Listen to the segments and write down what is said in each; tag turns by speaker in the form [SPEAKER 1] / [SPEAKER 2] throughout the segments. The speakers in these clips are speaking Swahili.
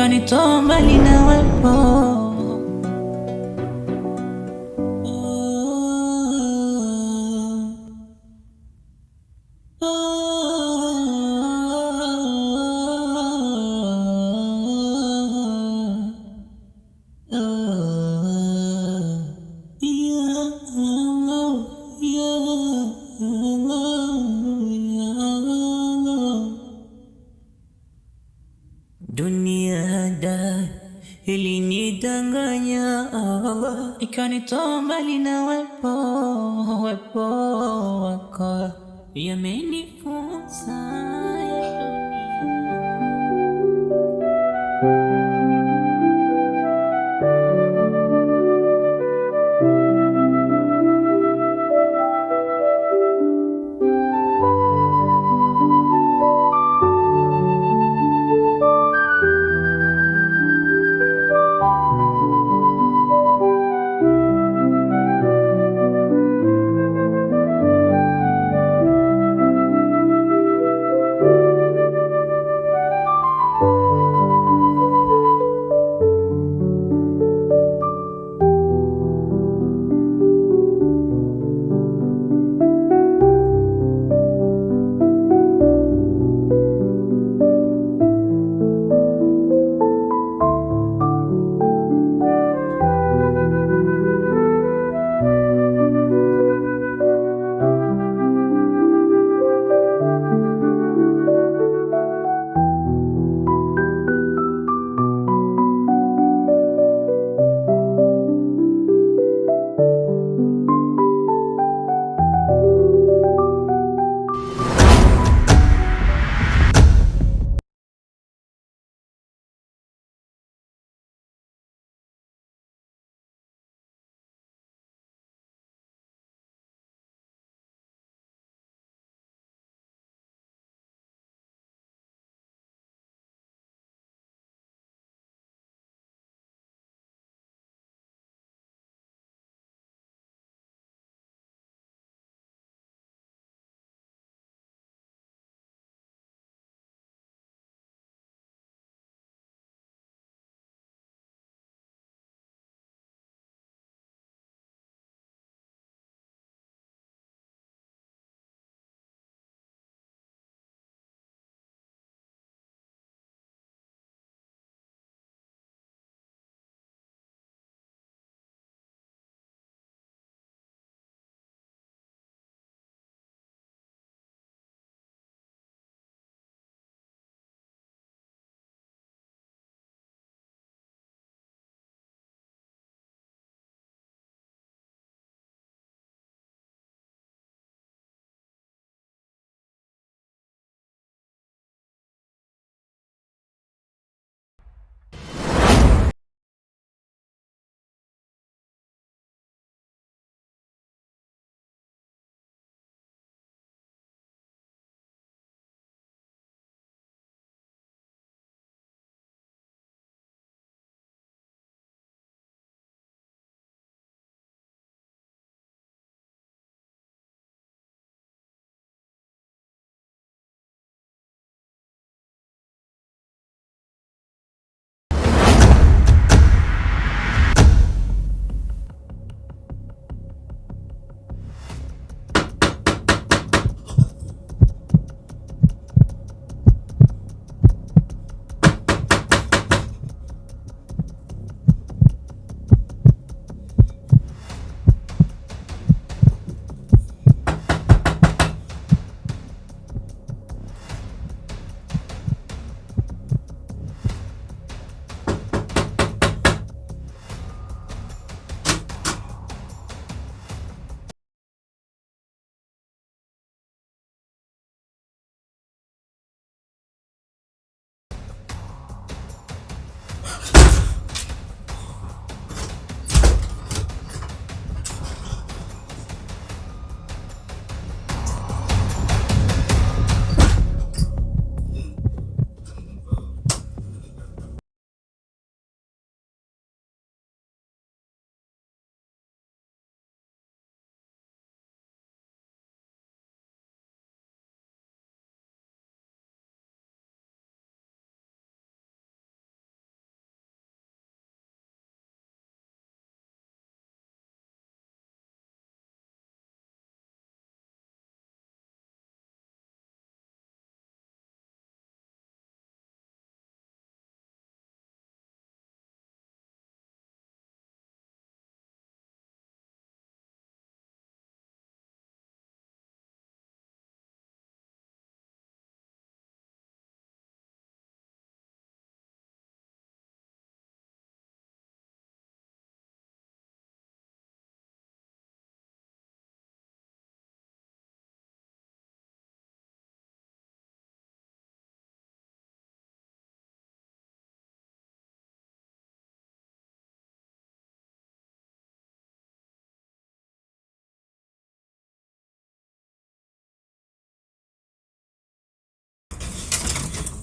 [SPEAKER 1] Ukanitoa mbali na wapo Dunia ilinidanganya Allah, ikanitoa mbali na wepo wepo wako, yamenifunza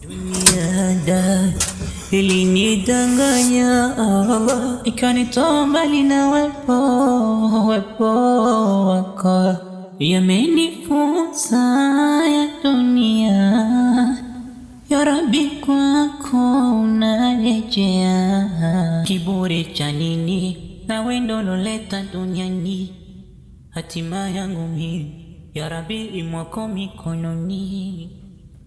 [SPEAKER 1] Dunia da ilinidanganya ah, ikanitoa mbali na wepo wepo wako, yamenifunza ya dunia. Ya Rabbi, kwako unarejea. Kiburi cha nini? Nawe ndo loleta duniani hatima yangu mimi. Ya Rabbi, imwako mikononi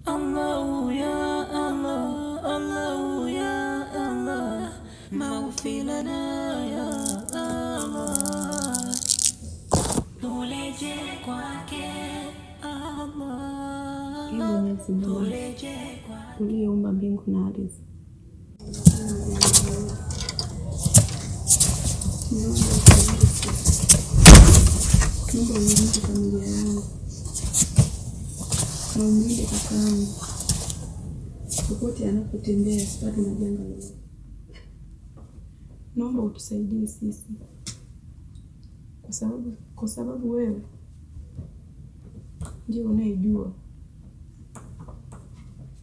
[SPEAKER 1] الله يا الله الله يا الله موفي لنا يا الله طولي
[SPEAKER 2] qualquer Irmãs e irmãos, Uliuma Bingunares. No meu tempo, no meu familiar, Kaumlinde kaka yangu popote anapotembea, asipate na janga lolote. Naomba utusaidie sisi, kwa sababu kwa sababu wewe ndio unayejua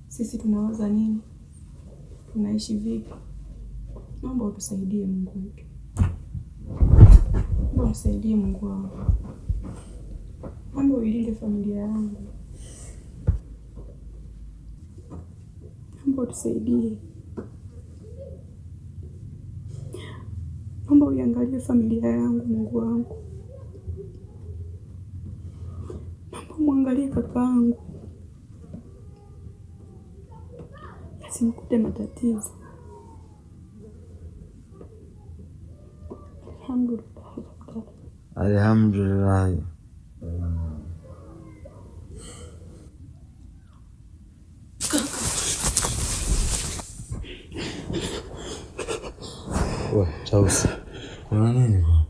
[SPEAKER 2] sisi tunawaza nini, tunaishi vipi. Naomba utusaidie Mungu wetu, naomba utusaidie Mungu wangu, naomba uilinde familia yangu. naomba utusaidie, naomba uiangalie familia yangu, Mungu wangu, naomba mwangalie kakaangu asimkute matatizo. Alhamdulillah,
[SPEAKER 3] alhamdulillah. Tavus. Kuna nini kwa?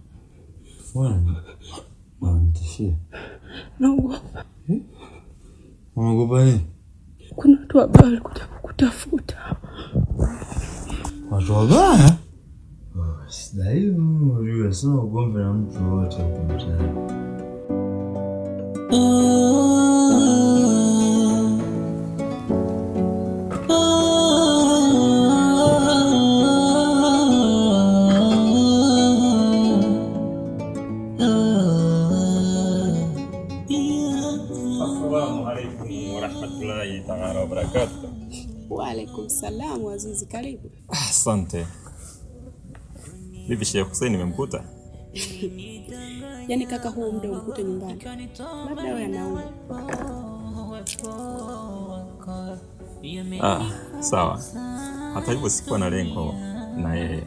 [SPEAKER 3] Bwana. Wanitishia.
[SPEAKER 2] Naogopa. Eh?
[SPEAKER 3] Unaogopa nini?
[SPEAKER 2] Kuna watu wabaya walikuja kukutafuta.
[SPEAKER 3] Watu wabaya? Ah, Sidai unajua sina ugomvi na mtu wote huko mtaani.
[SPEAKER 2] alaikum salamu. Azizi, karibu.
[SPEAKER 4] Asante. Vipi Sheikh Hussein, nimemkuta?
[SPEAKER 2] Yaani kaka, huo muda umkute nyumbani, labda wewe anauma.
[SPEAKER 4] Ah, sawa. Hata hivyo sikuwa na lengo na yeye,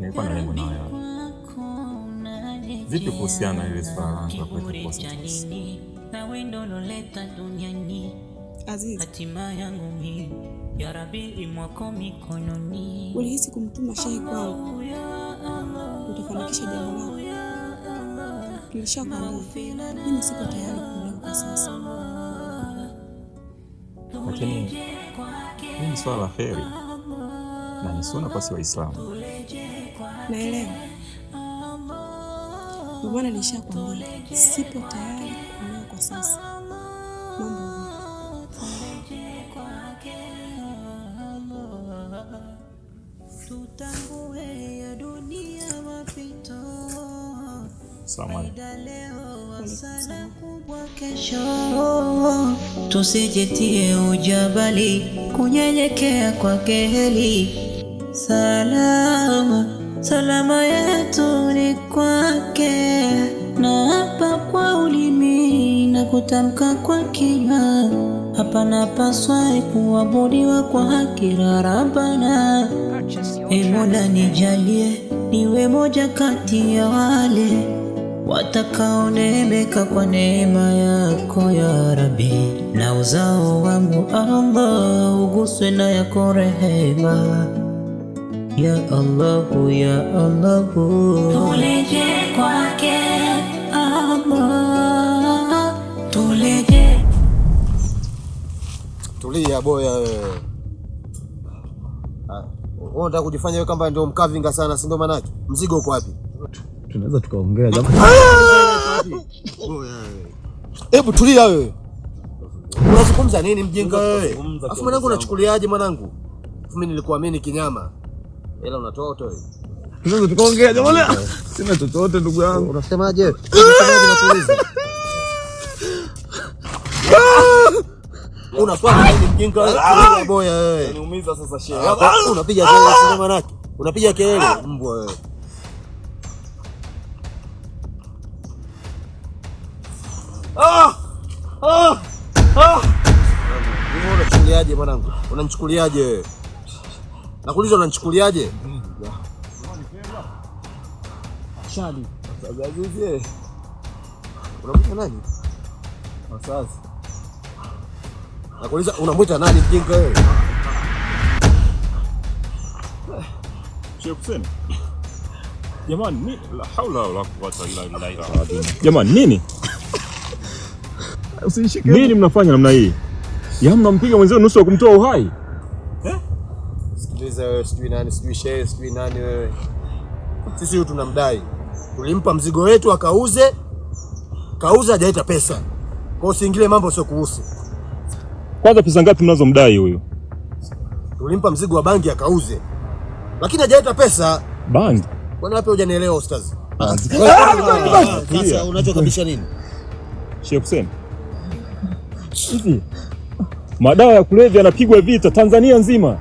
[SPEAKER 4] nilikuwa na lengo na wewe. Vipi kuhusiana na ile swala langu la kuleta posta?
[SPEAKER 2] Azizi ya Rabbi mwako mikononi. Ulihisi kumtuma shehe kwangu utafanikisha jambo lako? Nilishakwambia mimi siko tayari kuolewa kwa sasa.
[SPEAKER 4] Lakini mimi swala la heri na ni sunna kwa Waislamu.
[SPEAKER 2] Naelewa ndio maana nilishakwambia sipo tayari kuolewa kwa sasa.
[SPEAKER 1] kesho tusijitie ujabali kunyenyekea kwa keheli. Salama salama yetu ni kwake, na hapa kwa ulimi na kutamka kwa kinywa, hapana paswa kuabudiwa kwa haki. Rabbana, e Mola nijalie niwe moja kati ya wale watakaoneemeka kwa neema yako ya Rabbi, na uzao wangu Allah uguswe na yako rehema ya Allahu ya Allahu, tuleje kwake Allah,
[SPEAKER 5] tuleje. Tulia boya ah, wewe, unataka kujifanya wewe kama ndio mkavinga sana, si ndio? Maanake mzigo uko
[SPEAKER 6] wapi? tunaweza tukaongea jamaa. Ah!
[SPEAKER 5] Hebu tulia wewe, unazungumza nini mjinga wewe? Afu mwanangu, unachukuliaje mwanangu? Mimi nilikuamini kinyama, ila unatoa wewe.
[SPEAKER 6] Tunaweza tukaongea jamani, sina
[SPEAKER 5] chochote ndugu yangu. Unasemaje? Ah! Unafanya ah! nini mjinga wewe? Boya wewe, unaumiza sasa shehe. Unapiga kelele, unapiga kelele mbwa wewe. Ah! Ah! Ah! Unachukuliaje mwanangu? Unamchukuliaje Nakuuliza unamchukuliaje? Unamwita nani? Nakuuliza unamwita nani mjinga wewe?
[SPEAKER 6] Jamani, la haula wala quwwata illa billah. Jamani, nini? Usinishike. Nini mnafanya namna hii? Ya mnampiga mwenzenu nusu ya kumtoa uhai.
[SPEAKER 5] Eh? Sikiliza wewe, sijui nani, sijui shehe, sijui nani wewe. Sisi huyu tunamdai. Tulimpa mzigo wetu akauze. Kauza hajaita pesa. Kwa usiingilie mambo sio kuhusu.
[SPEAKER 6] Kwanza pesa ngapi mnazomdai huyu?
[SPEAKER 5] Tulimpa mzigo wa bangi akauze. Lakini hajaita
[SPEAKER 6] pesa. Bangi.
[SPEAKER 5] Kwani wapi hujanielewa ustaz. Ah, sasa unachokabisha nini?
[SPEAKER 6] Shehe Hussein. Hivi madawa ya kulevya yanapigwa vita Tanzania nzima.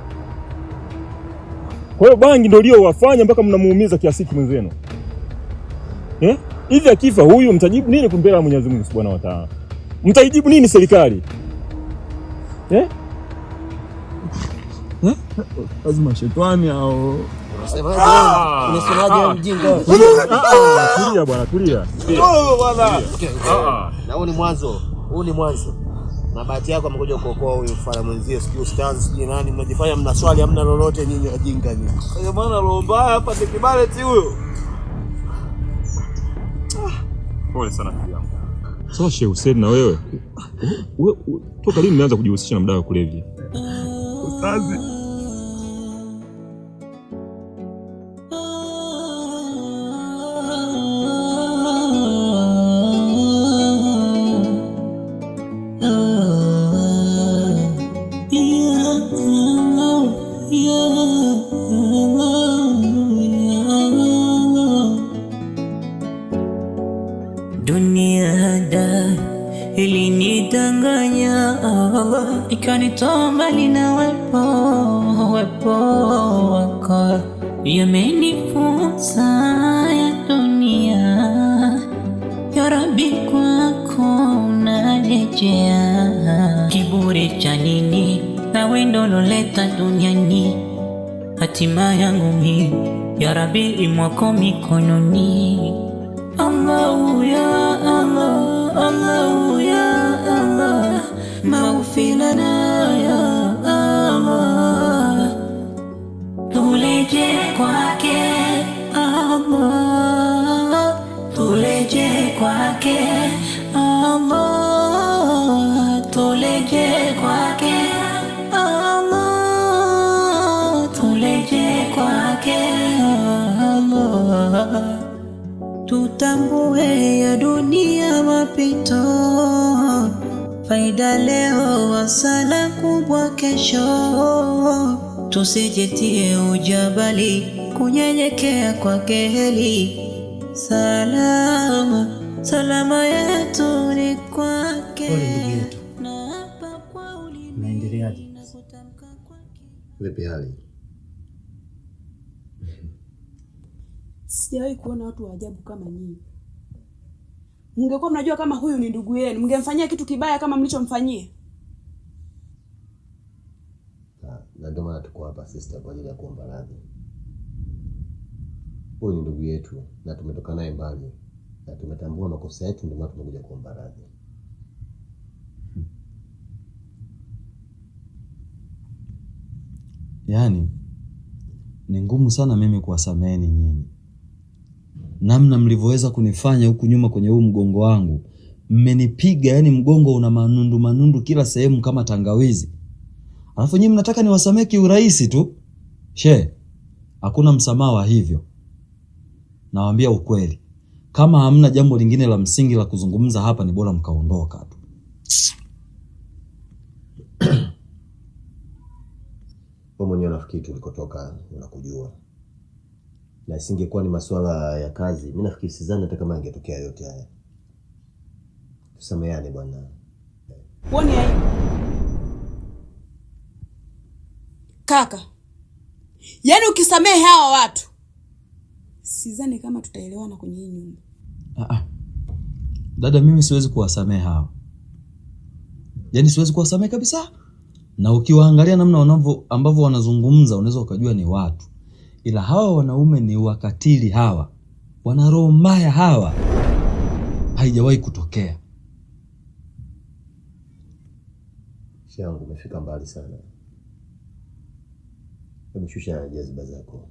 [SPEAKER 6] Kwa hiyo bangi ndio liowafanya mpaka mnamuumiza kiasi hiki mwenzenu eh? hivi eh? Akifa huyu mtajibu nini kumbela Mwenyezi Mungu Subhanahu wa Ta'ala? Mtaijibu nini serikali eh? eh? Lazima shetani au
[SPEAKER 5] ah! Ah! Ah!
[SPEAKER 6] tulia bwana, tulia.
[SPEAKER 5] Huu ni mwanzo, huu ni mwanzo na bahati yako amekuja kuokoa huyu mfana mwenzie, sijui stars sijui nani. Mnajifanya mna swali, hamna lolote nyinyi, wajinga nyinyi. Kwa maana roho mbaya hapa ni kibaleti huyo.
[SPEAKER 6] Ah. Pole sana ndugu yangu. Sasa Sheikh Hussein, na wewe toka lini umeanza kujihusisha na madawa ya kulevya? Ustazi
[SPEAKER 1] ikanito mbali na wepo wepo wako, yamenifunza ya dunia. Ya Rabbi, kwako narejea. Kiburi cha nini? na wendo loleta duniani hatima yangu mimi. Ya imwako mikononi Tambue ya dunia mapito, faida leo hasara kubwa kesho. Tusijitie ujabali, kunyenyekea kwa keheli. Salama, salama yetu ni kwake.
[SPEAKER 7] Naendeleaje? Vipi hali?
[SPEAKER 2] sijawahi kuona watu wa ajabu kama nyinyi. Mngekuwa mnajua kama huyu ni ndugu yenu, mngemfanyia kitu kibaya kama mlichomfanyia.
[SPEAKER 7] Na ndio maana tuko hapa sister, kwa ajili ya kuomba radhi. Huyu ni ndugu yetu na tumetoka naye mbali na tumetambua makosa yetu, ndio maana tumekuja kuomba radhi.
[SPEAKER 8] Yaani ni ngumu sana mimi kuwasameheni nyinyi namna mlivyoweza kunifanya huku nyuma kwenye huu mgongo wangu, mmenipiga yani mgongo una manundu manundu kila sehemu kama tangawizi, alafu nyinyi mnataka niwasamehe kiurahisi tu? She, hakuna msamaha wa hivyo. Nawaambia ukweli, kama hamna jambo lingine la msingi la kuzungumza hapa, ni bora mkaondoka tu.
[SPEAKER 7] Wewe mwenyewe nafikiri tulikotoka unakujua na isingekuwa ni masuala ya kazi, mi nafikiri sizani hata kama angetokea yote haya. Tusameane bwana.
[SPEAKER 2] kaka? Yaani ukisamehe hawa watu sidhani kama tutaelewana kwenye hii
[SPEAKER 8] nyumba. Ah, ah. dada, mimi siwezi kuwasamehe hawa, yaani siwezi kuwasamehe kabisa. Na ukiwaangalia namna ambavyo wanazungumza, unaweza ukajua ni watu ila hawa wanaume ni wakatili, hawa wana roho mbaya, hawa haijawahi kutokea.
[SPEAKER 7] Yangu umefika mbali sana, umeshusha na jaziba zako.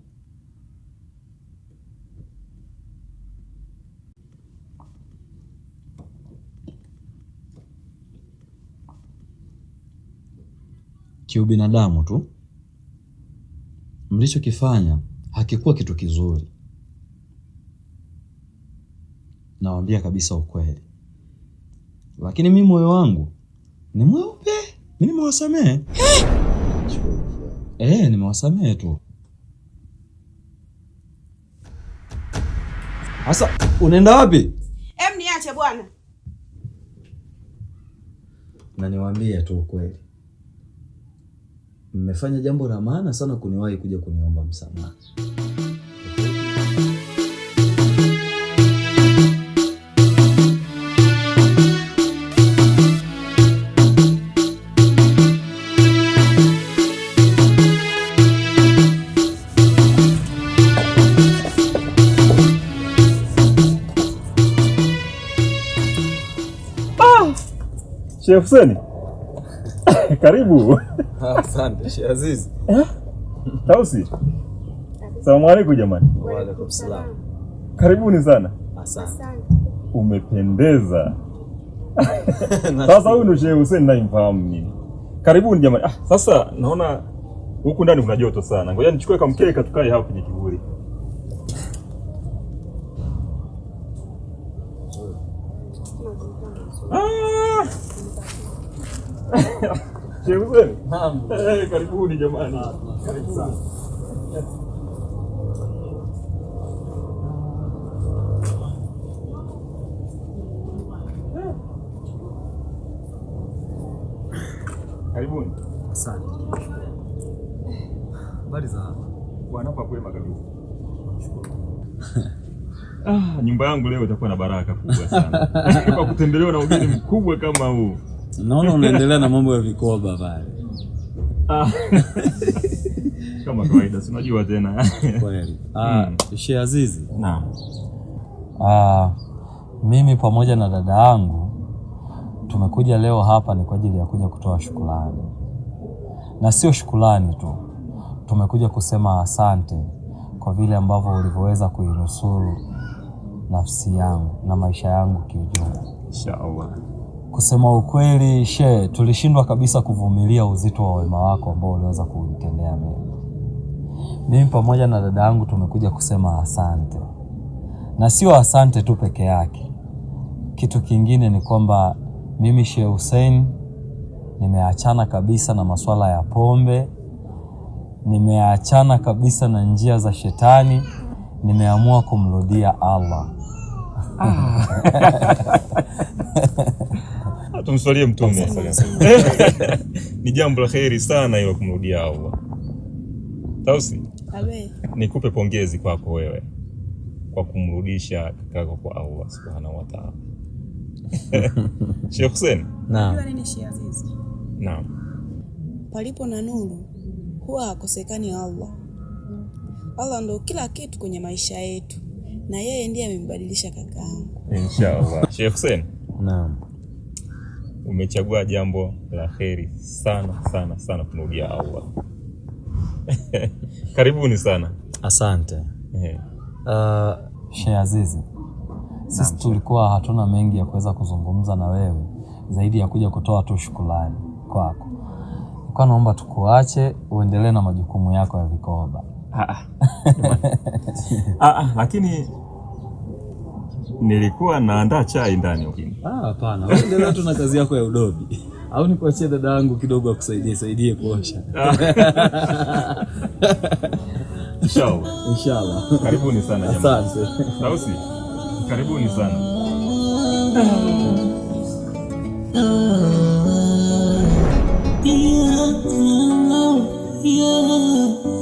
[SPEAKER 8] Kiubinadamu tu mlichokifanya hakikuwa kitu kizuri. nawambia kabisa ukweli, lakini mi moyo wangu ni mweupe, mi nimewasamehe eh, nimewasamehe tu. Sasa unaenda wapi?
[SPEAKER 2] Em, niache bwana,
[SPEAKER 7] na niwaambie tu ukweli mmefanya jambo la maana sana kuniwahi kuja kuniomba msamaha.
[SPEAKER 6] Ah! Chef Seni, karibu.
[SPEAKER 3] Asante Sheikh Aziz.
[SPEAKER 6] Eh? Tausi. Salamu alaykum
[SPEAKER 3] jamani. Wa alaykum salaam.
[SPEAKER 6] Karibuni sana. Asante. Umependeza. Sasa huyu ndio Sheikh Hussein ninayemfahamu mimi. Karibuni jamani. Ah, sasa naona huku ndani kuna joto sana. Ngoja nichukue kamkeka tukae hapo kwenye kivuli. Ah! Eh, karibuni jamani. Karibu sana. Karibuni.
[SPEAKER 3] Asante. Habari
[SPEAKER 6] za hapa? Bwana kwema kabisa. Ah, nyumba yangu leo itakuwa na baraka kubwa sana. Kwa kutembelewa na ugeni mkubwa kama
[SPEAKER 3] huu. Naona unaendelea na mambo ya vikoba pale. Ah.
[SPEAKER 6] Kama kawaida, si unajua tena.
[SPEAKER 3] Kweli. Ah, hmm. Sheikh Azizi. Naam.
[SPEAKER 8] Ah, mimi pamoja na dada yangu tumekuja leo hapa ni kwa ajili ya kuja kutoa shukrani, na sio shukrani tu, tumekuja kusema asante kwa vile ambavyo ulivyoweza kuinusuru nafsi yangu na maisha yangu kiujumla.
[SPEAKER 3] Inshallah.
[SPEAKER 8] Kusema ukweli, she, tulishindwa kabisa kuvumilia uzito wa wema wako ambao uliweza kunitendea mimi. Mimi pamoja na dada yangu tumekuja kusema asante, na sio asante tu peke yake. Kitu kingine ni kwamba mimi Sheikh Hussein nimeachana kabisa na masuala ya pombe, nimeachana kabisa na njia za shetani, nimeamua kumrudia Allah.
[SPEAKER 6] Ah. tumswalie Mtume ni jambo la heri sana hilo kumrudia Allah. Tausi, nikupe pongezi kwako wewe kwa kumrudisha kako kwa Allah subhanahu wa ta'ala. Sheikh Hussein, naam,
[SPEAKER 2] palipo na nuru huwa hakosekani Allah. Allah ndo kila kitu kwenye maisha yetu, na yeye ndiye amembadilisha
[SPEAKER 6] kakaangu. Inshallah. Sheikh
[SPEAKER 3] Hussein, naam
[SPEAKER 6] umechagua jambo la heri sana sana sana kumrudia Allah. Karibuni sana,
[SPEAKER 3] asante yeah.
[SPEAKER 8] Uh, Sheikh Azizi, sisi tulikuwa hatuna mengi ya kuweza kuzungumza na wewe zaidi ya kuja kutoa tu shukrani kwako. Kwa naomba tukuache uendelee na majukumu yako ya
[SPEAKER 6] vikoba. Ah, ah. Ah, lakini nilikuwa naandaa chai ndani.
[SPEAKER 3] Ah, hapana. Endelea tu na kazi yako ya udobi au nikuachie dada yangu kidogo akusaidie saidie kuosha. Ah. Inshallah. Inshallah. Karibuni sana jamani. Asante.
[SPEAKER 6] Sausi. Karibuni sana. Yeah,
[SPEAKER 1] yeah, yeah.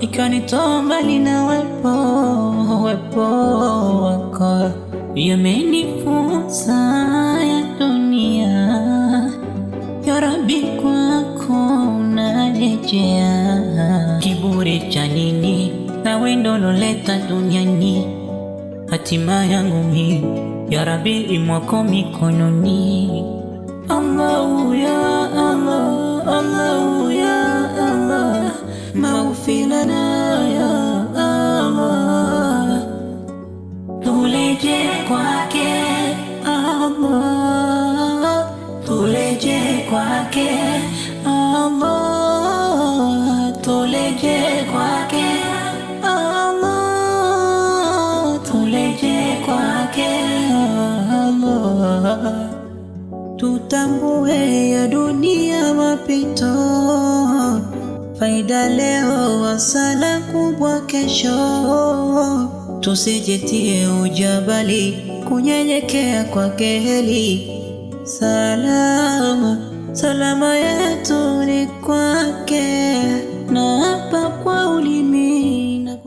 [SPEAKER 1] ikanitoa mbali na wepo wepo wako, yamenifunza ya dunia. Ya Rabbi, kwako narejea. Kiburi cha nini? Nawe ndo loleta duniani hatima yangu mimi. Ya Rabbi, imwako mikononi. Allah ya Allah, Allah ya Allah tutambue ya dunia mapito faida leo, hasara kubwa kesho. Tusijitie ujabali, kunyenyekea kwake heli. Salamu salama yetu ni kwake na